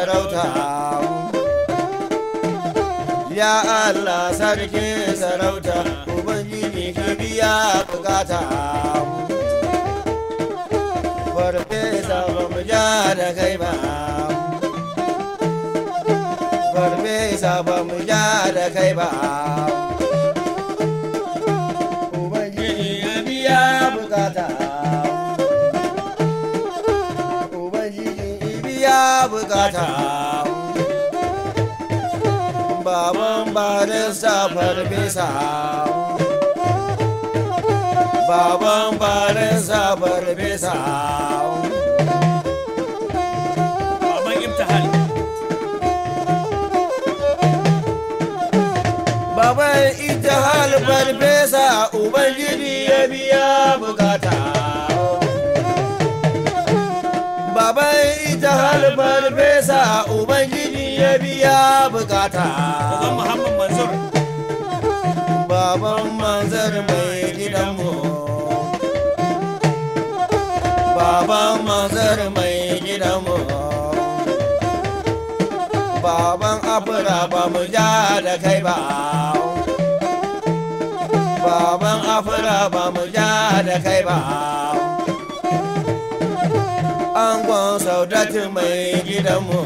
sarauta ya Allah sarki sarauta ubangiji ki biya bukata farfesa ba mu ja da kai ba farfesa ba mu ja da kai ba Ya bukata baban safar bisa baban barista farfesa baban imtihal baban imtihal farfesa ubangiji sa Baban Mansur mai gidanmu Baban Mansur mai gidanmu Baban Afira ba mu ja da kai ba Baban Afira ba mu ja da kai ba Angon saudatin mai gidanmu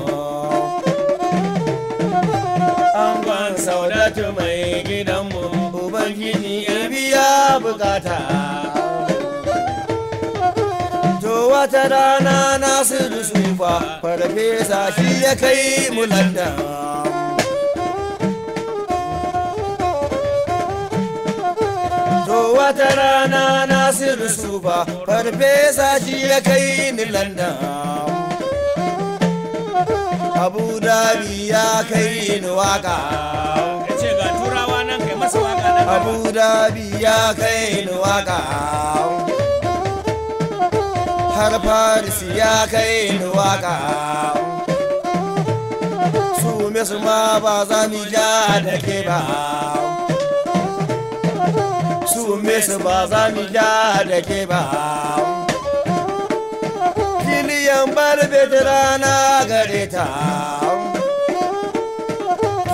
Hannatu mai gidanmu Ubangiji ya biya bukata. To wata rana Nasiru dusufa farfesa shi ya kai mu to wata rana Nasiru dusufa farfesa shi ya kai ni landan Abu Dhabi ya kai ni waka. abu dhabi ya kai ni waka har faris ya kai ni waka su su ma ba za mi ja da ke ba su me su ba za mi ja da ke ba kiliyan bar rana gare ta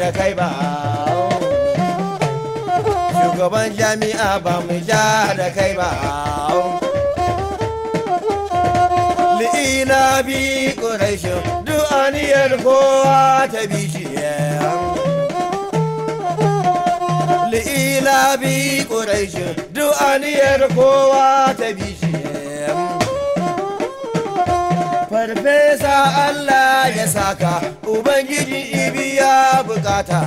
da kai ba shugaban jami'a ba mu ja da kai ba li'ina bi ƙurashin du'aniyar kowa ta bi shi li'ina bi ƙurashin du'aniyar kowa ta bi shi farfesa Allah ya saka ubangiji ya bukata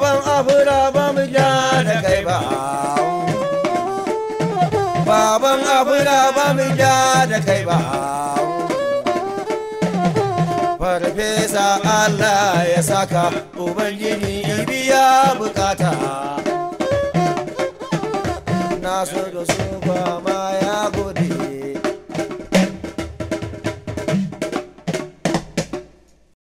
baban abura ba mu ja da kai ba baban abura ba mu ja da kai ba farfesa Allah ya saka ubangiji biya bukata na so da su ba maya